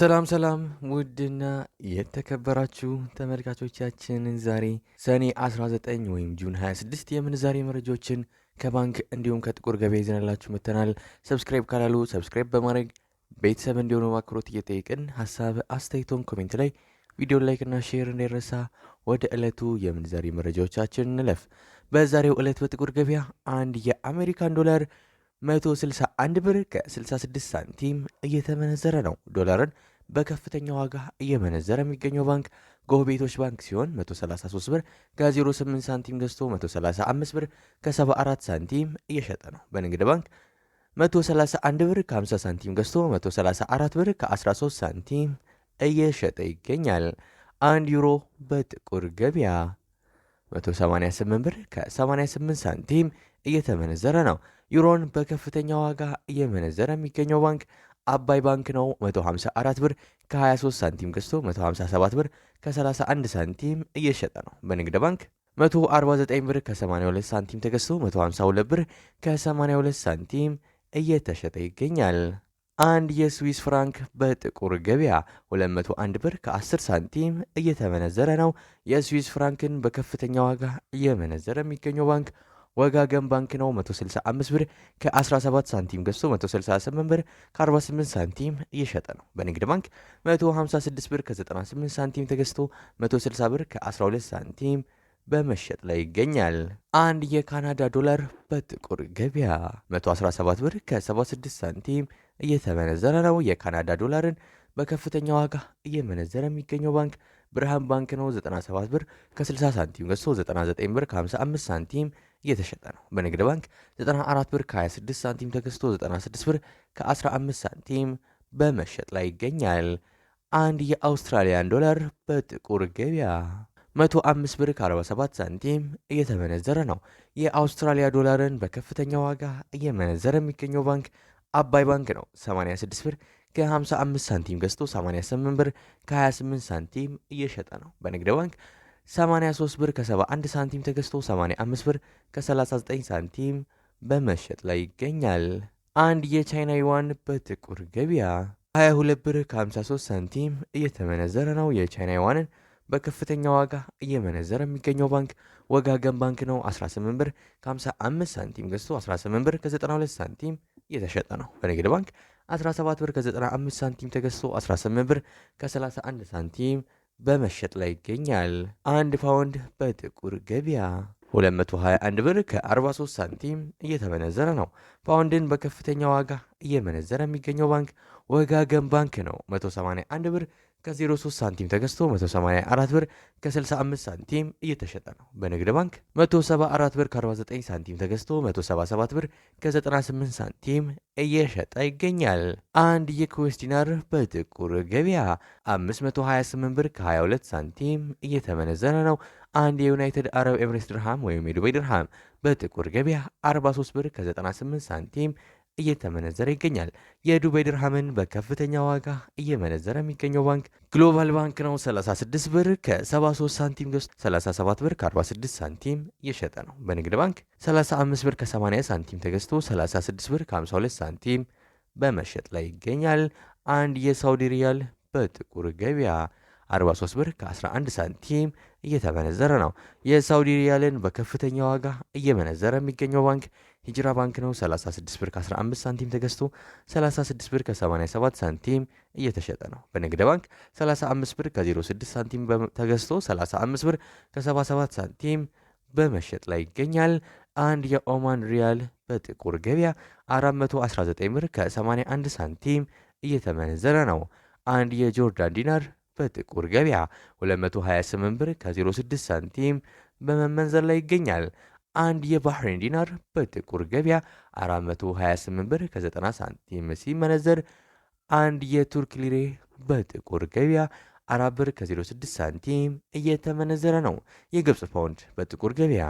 ሰላም ሰላም ውድና የተከበራችሁ ተመልካቾቻችን ዛሬ ሰኔ 19 ወይም ጁን 26 የምንዛሬ መረጃዎችን ከባንክ እንዲሁም ከጥቁር ገበያ ይዘናላችሁ መተናል ሰብስክራይብ ካላሉ ሰብስክራይብ በማድረግ ቤተሰብ እንዲሆኑ በአክብሮት እየጠየቅን ሀሳብ አስተያየቶን ኮሜንት ላይ ቪዲዮ ላይክና ሼር እንዳይረሳ። ወደ ዕለቱ የምንዛሬ መረጃዎቻችን እንለፍ። በዛሬው ዕለት በጥቁር ገበያ አንድ የአሜሪካን ዶላር 161 ብር ከ66 ሳንቲም እየተመነዘረ ነው። ዶላርን በከፍተኛ ዋጋ እየመነዘረ የሚገኘው ባንክ ጎህ ቤቶች ባንክ ሲሆን 133 ብር ከ08 ሳንቲም ገዝቶ 135 ብር ከ74 ሳንቲም እየሸጠ ነው። በንግድ ባንክ 131 ብር ከ50 ሳንቲም ገዝቶ 134 ብር ከ13 ሳንቲም እየሸጠ ይገኛል። አንድ ዩሮ በጥቁር ገበያ 188 ብር ከ88 ሳንቲም እየተመነዘረ ነው። ዩሮን በከፍተኛ ዋጋ እየመነዘረ የሚገኘው ባንክ አባይ ባንክ ነው። 154 ብር ከ23 ሳንቲም ገዝቶ 157 ብር ከ31 ሳንቲም እየሸጠ ነው። በንግድ ባንክ 149 ብር ከ82 ሳንቲም ተገዝቶ 152 ብር ከ82 ሳንቲም እየተሸጠ ይገኛል። አንድ የስዊስ ፍራንክ በጥቁር ገበያ 201 ብር ከ10 ሳንቲም እየተመነዘረ ነው። የስዊስ ፍራንክን በከፍተኛ ዋጋ እየመነዘረ የሚገኘው ባንክ ወጋገን ባንክ ነው 165 ብር ከ17 ሳንቲም ገዝቶ 168 ብር ከ48 ሳንቲም እየሸጠ ነው። በንግድ ባንክ 156 ብር ከ98 ሳንቲም ተገዝቶ 160 ብር ከ12 ሳንቲም በመሸጥ ላይ ይገኛል። አንድ የካናዳ ዶላር በጥቁር ገበያ 117 ብር ከ76 ሳንቲም እየተመነዘረ ነው። የካናዳ ዶላርን በከፍተኛ ዋጋ እየመነዘረ የሚገኘው ባንክ ብርሃን ባንክ ነው 97 ብር ከ60 ሳንቲም ገዝቶ 99 ብር ከ55 ሳንቲም እየተሸጠ ነው። በንግድ ባንክ 94 ብር ከ26 ሳንቲም ተገዝቶ 96 ብር ከ15 ሳንቲም በመሸጥ ላይ ይገኛል። አንድ የአውስትራሊያን ዶላር በጥቁር ገበያ 105 ብር ከ47 ሳንቲም እየተመነዘረ ነው። የአውስትራሊያ ዶላርን በከፍተኛ ዋጋ እየመነዘረ የሚገኘው ባንክ አባይ ባንክ ነው 86 ብር ከ55 ሳንቲም ገዝቶ 88 ብር ከ28 ሳንቲም እየሸጠ ነው። በንግድ ባንክ 83 ብር ከ71 ሳንቲም ተገዝቶ 85 ብር ከ39 ሳንቲም በመሸጥ ላይ ይገኛል። አንድ የቻይና ዩዋን በጥቁር ገበያ 22 ብር ከ53 ሳንቲም እየተመነዘረ ነው። የቻይና ዩዋንን በከፍተኛ ዋጋ እየመነዘረ የሚገኘው ባንክ ወጋገን ባንክ ነው። 18 ብር ከ55 ሳንቲም ገዝቶ 18 ብር ከ92 ሳንቲም እየተሸጠ ነው። በንግድ ባንክ 17 ብር ከ95 ሳንቲም ተገዝቶ 18 ብር ከ31 ሳንቲም በመሸጥ ላይ ይገኛል። አንድ ፓውንድ በጥቁር ገበያ 221 ብር ከ43 ሳንቲም እየተመነዘረ ነው። ፓውንድን በከፍተኛ ዋጋ እየመነዘረ የሚገኘው ባንክ ወጋገን ባንክ ነው። 181 ብር ከ03 ሳንቲም ተገዝቶ 184 ብር ከ65 ሳንቲም እየተሸጠ ነው። በንግድ ባንክ 174 ብር ከ49 ሳንቲም ተገዝቶ 177 ብር ከ98 ሳንቲም እየሸጠ ይገኛል። አንድ የኩዌስ ዲናር በጥቁር ገበያ 528 ብር ከ22 ሳንቲም እየተመነዘረ ነው። አንድ የዩናይትድ አረብ ኤምሬትስ ድርሃም ወይም የዱባይ ድርሃም በጥቁር ገበያ 43 ብር ከ98 ሳንቲም እየተመነዘረ ይገኛል። የዱባይ ድርሃምን በከፍተኛ ዋጋ እየመነዘረ የሚገኘው ባንክ ግሎባል ባንክ ነው። 36 ብር ከ73 ሳንቲም ገዝቶ 37 ብር ከ46 ሳንቲም እየሸጠ ነው። በንግድ ባንክ 35 ብር ከ80 ሳንቲም ተገዝቶ 36 ብር ከ52 ሳንቲም በመሸጥ ላይ ይገኛል። አንድ የሳውዲ ሪያል በጥቁር ገበያ 43 ብር ከ11 ሳንቲም እየተመነዘረ ነው። የሳውዲ ሪያልን በከፍተኛ ዋጋ እየመነዘረ የሚገኘው ባንክ ሂጅራ ባንክ ነው 36 ብር ከ15 ሳንቲም ተገዝቶ 36 ብር ከ87 ሳንቲም እየተሸጠ ነው። በንግድ ባንክ 35 ብር ከ06 ሳንቲም ተገዝቶ 35 ብር ከ77 ሳንቲም በመሸጥ ላይ ይገኛል። አንድ የኦማን ሪያል በጥቁር ገበያ 419 ብር ከ81 ሳንቲም እየተመነዘረ ነው። አንድ የጆርዳን ዲናር በጥቁር ገበያ 228 ብር ከ06 ሳንቲም በመመንዘር ላይ ይገኛል። አንድ የባህሬን ዲናር በጥቁር ገበያ 428 ብር ከ90 ሳንቲም ሲመነዘር አንድ የቱርክ ሊሬ በጥቁር ገበያ 4 ብር ከ06 ሳንቲም እየተመነዘረ ነው። የግብፅ ፓውንድ በጥቁር ገበያ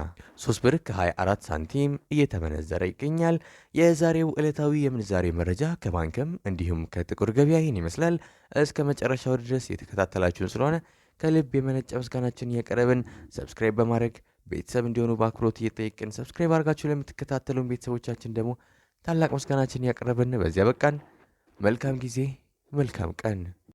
3 ብር ከ24 ሳንቲም እየተመነዘረ ይገኛል። የዛሬው ዕለታዊ የምንዛሬ መረጃ ከባንክም እንዲሁም ከጥቁር ገበያ ይህን ይመስላል። እስከ መጨረሻው ድረስ የተከታተላችሁን ስለሆነ ከልብ የመነጨ ምስጋናችን እየቀረብን ሰብስክራይብ በማድረግ ቤተሰብ እንዲሆኑ በአክብሮት እየጠየቅን ሰብስክራይብ አድርጋችሁ ለምትከታተሉን ቤተሰቦቻችን ደግሞ ታላቅ ምስጋናችን እያቀረብን በዚያ በቃን። መልካም ጊዜ፣ መልካም ቀን